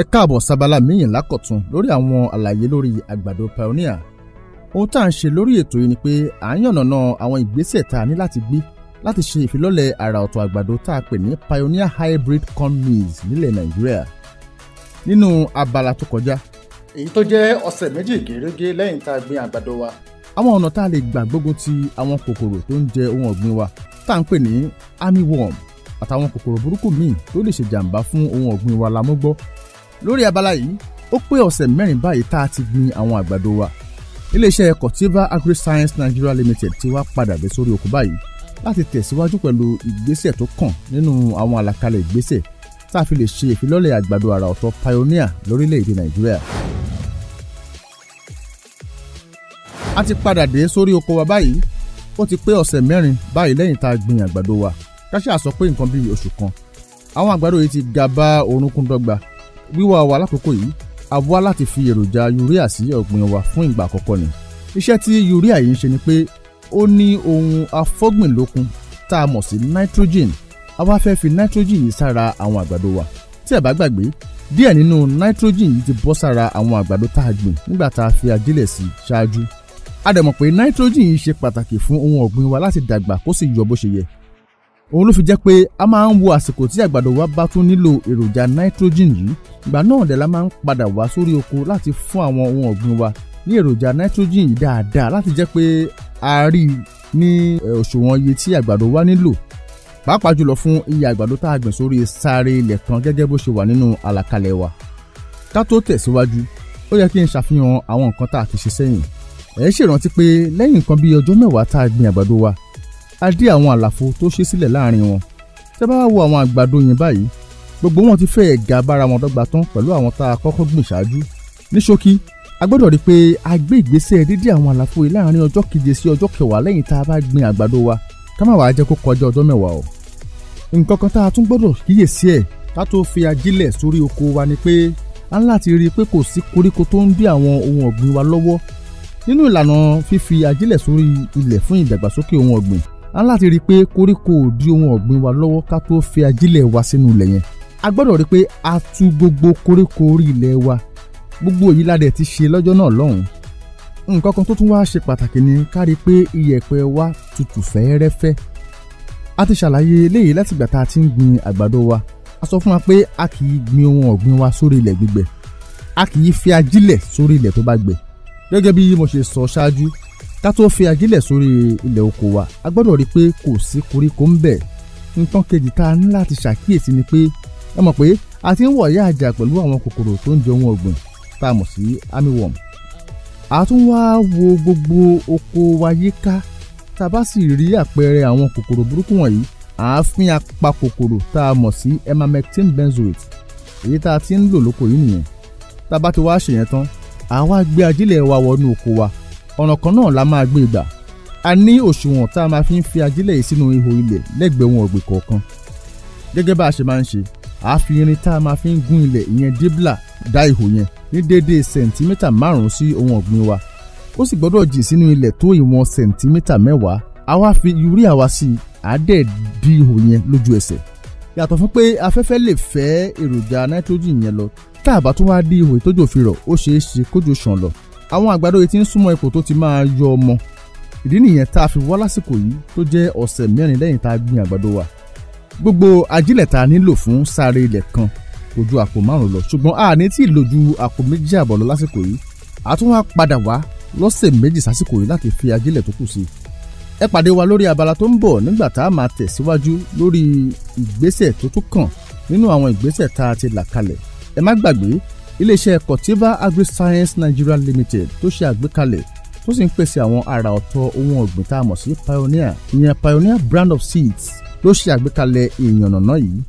ẹ káàbọ̀ sábàlá míyìn lákọ̀tún lórí àwọn àlàyé lórí àgbàdo pioneer ohun tá à ń ṣe lórí ètò yìí ni pé à ń yànnàná àwọn ìgbésẹ̀ tá a ní láti gbé láti ṣe ìfilọ́lẹ̀ àrà ọ̀tọ̀ àgbàdo tá a pè ní pioneer hybrid corn maize nílẹ̀ nàìjíríà nínú abala tó kọjá. èyí tó jẹ́ ọ̀sẹ̀ méjì gèrègé lẹ́yìn tá a gbin àgbàdo wa. àwọn ọ̀nà tá a lè gbà gbógun ti àwọn kòkòrò tó ń jẹ ohun ọ̀gbìn wa tá à ń pè ní armyworm àtàwọn kòkòrò burúkú míì tó lè ṣèjàǹbá fún ohun ọ̀gbìn wa la mọ́ gbọ́ lórí abala yìí ó pé ọ̀sẹ̀ mẹ́rin báyìí tá a ti gbin àwọn àgbàdo wa iléeṣẹ́ Corteva Agriscience Nigeria Limited ti wá padà dé sórí oko báyìí láti tẹ̀síwájú pẹ̀lú ìgbésẹ̀ tó kàn nínú àwọn àlàkalẹ̀ ìgbésẹ̀ tá a fi lè ṣe ìfilọ́lẹ̀ àgbàdo àrà ọ̀tọ̀ Pioneer lórílẹ̀‐èdè Nàìjíríà. a ti padà dé sórí oko wa báyìí ó ti pé ọ̀sẹ̀ mẹ́rin báyìí lẹ́yìn tá a gbin àgbàdo wa káṣíà sọ pé nǹkan bíi oṣù kan àwọn àgbàdo yìí ti ga bá orúnkún wíwá wa lákòókò yìí a wá láti fi èròjà urea sí ọ̀gbìn wa fún ìgbà àkọ́kọ́ ni iṣẹ́ tí urea yìí ń ṣe ni pé ó ní ohun afọ́gbìnlókun tá a mọ̀ sí nitrogen a wá fẹ́ fi nitrogen yìí sára àwọn àgbàdo wa tí ẹ bá gbàgbé díẹ̀ nínú nitrogen yìí ti bọ́ sára àwọn àgbàdo tá a gbìn nígbà tá a fi ajílẹ̀ sí ṣáájú a dẹ̀ mọ̀ pé nitrogen yìí ṣe pàtàkì fún ohun ọ̀gbìn wa láti dàgbà kó sì yọ bó ṣe yẹ òun ló fi jẹ́ pé a máa ń wo àsìkò tí àgbàdo wa bá tún nílò èròjà nitrogen yìí ìgbà náà dẹ̀ la máa ń padà wá sórí oko láti fún àwọn ohun ọ̀gbìn wa ní èròjà nitrogen yìí dáadáa láti jẹ́ pé a rí i ní òṣùwọ̀n iye tí àgbàdo wa nílò pàápàá jùlọ fún iye àgbàdo tá a gbìn sórí sáré ilẹ̀ kan gẹ́gẹ́ bó ṣe wà nínú àlàkalẹ̀ wa ká tó tẹ̀síwájú ó yẹ kí n ṣàfihàn àwọn nǹkan tá a ti ṣe sẹ́yìn ẹ̀ ṣèrántí pé lẹ́yìn nǹkan bíi ọjọ́ mẹ́wàá tá a gbìn àgbàdo wa a dí àwọn àlàfo tó ṣe sílẹ̀ láàrin wọn tẹ́ bá wo àwọn àgbàdo yẹn báyìí gbogbo wọn ti fẹ́ẹ̀ ga bára wọn dọ́gba tán pẹ̀lú àwọn tá a kọ́kọ́ gbìn ṣáájú ní ṣókí a gbọ́dọ̀ rí i pé a gbé ìgbésẹ̀ dídí àwọn àlàfo yìí láàrin ọjọ́ keje sí ọjọ́ kẹwàá lẹ́yìn tá a bá gbin àgbàdo wa ká má wàá jẹ́ kó kọjá ọjọ́ mẹ́wàá o nǹkan kan tá a tún gbọ́dọ̀ kíyèsí ẹ̀ ká tó fi ajílẹ̀ sórí oko wa ni pé a ń láti rí i pé kò sí koríko tó ń dí àwọn ohun ọ̀gbìn wa lọ́wọ́ nínú ìlànà fífi ajílẹ̀ sórí ilẹ̀ fún ìdàgbàsókè ohun ọ̀gbìn a láti rí i pé koríko ò di ohun ọ̀gbìn wa lọ́wọ́ ká tó fi ajílẹ̀ wa sínú ilẹ̀ yẹn a gbọ́dọ̀ rí i pé a tú gbogbo koríko orí ilẹ̀ wa gbogbo èyí la ti ṣe lọ́jọ́ náà lọ́hùn-ún nǹkan kan tó tún wá ṣe pàtàkì ni ká rí i pé iyẹ̀pẹ̀ wa tutù fẹ́ẹ́rẹ́fẹ́ a ti ṣàlàyé eléyìí látìgbà tá a ti ń gbin àgbàdo wa a sọ fún wa pé a kì í gbin ohun ọ̀gbìn wa sórí ilẹ̀ gbígbẹ a kì í fi ajílẹ̀ sórí ilẹ̀ tó bá gbẹ gẹ́gẹ́ bí mo ṣe sọ ṣáájú ká tó fi ajílẹ̀ sórí ilẹ̀ oko wa a gbọ́dọ̀ rí i pé kò sí koríko ń bẹ̀ nǹkan kejì tá a ní láti ṣàkíyèsí ni pé ẹ mọ̀ pé a ti ń wọ̀yá àjà pẹ̀lú àwọn kòkòrò tó ń jẹ ohun ọ̀gbìn tá a mọ̀ sí armyworm a tún wá wo gbogbo oko wa yíká tá a bá sì rí àpẹẹrẹ àwọn kòkòrò burúkú wọ̀nyí àáfin apakòkòrò tá a mọ̀ sí emamectin benzoate èyí tá a ti ń lò lóko yìí nìyẹn tá a bá ti wá ṣèyẹn tán àá wá gbé ajílẹ̀ wa wọnú oko wa ọ̀nà kan náà la máa gbé gbà a ní òṣùwọ̀n tá a máa fi ń fi ajílẹ̀ yìí sínú ihò ilẹ̀ lẹ́gbẹ̀ẹ́ wọn ọ̀gbìn kọ̀ọ̀kan gẹ́gẹ́ bá a ṣe máa ń ṣe a fi irin tá a máa fi ń gún ilẹ̀ ìyẹn débìlà dá ihò yẹn ní déédéé sẹ̀ǹtímítà márùn-ún sí ohun ọ̀gbìn wa ó sì gbọ́dọ̀ jìn sínú ilẹ̀ tó ìwọ̀n sẹ̀ǹtímítà mẹ́wàá a wá fi urea wá sí i àádẹ́ di ihò yẹn lójú ẹsẹ̀ yàtọ̀ fún pé afẹ́fẹ́ lè fẹ́ èròjà nitrogen yẹn lọ tá a bá tún wá dí ihò ìtójò fi rọ̀ ó ṣeé ṣe kójò ṣàn lọ àwọn àgbàdo yìí ti ń súnmọ́ ipò tó ti máa yọ ọmọ ìdí nìyẹn tá a fi wá lásìkò yìí tó jẹ́ ọ̀sẹ̀ mẹ́rin lẹ́yìn tá a gbin àgbàdo wa gbogbo ajílẹ̀ tá a nílò fún sáré ilẹ̀ kan kò ju àpò márùn lọ ṣùgbọ́n a ní tí ì lò ju àpò méjì àbọ̀ lọ lásìkò yìí a tún wá padà wá lọ́sẹ̀ méjì sásìkò yìí láti fi ajílẹ̀ tó kù sí i ẹ pàdé wa lórí abala tó ń bọ̀ nígbà tá a máa tẹ̀síwájú lórí ìgbésẹ̀ tó tún kàn nínú àwọn ìgbésẹ̀ tá a ti là kalẹ̀ ẹ má gbàgbé iléeṣẹ́ Corteva Agriscience Nigeria Limited tó ṣe àgbékalẹ̀ tó sì ń pèsè àwọn àrà ọ̀tọ̀ ohun ọ̀gbìn tá a mọ̀ sí Pioneer ìyẹn Pioneer brand of seeds ló ṣe àgbékalẹ̀ ìyànnàná yìí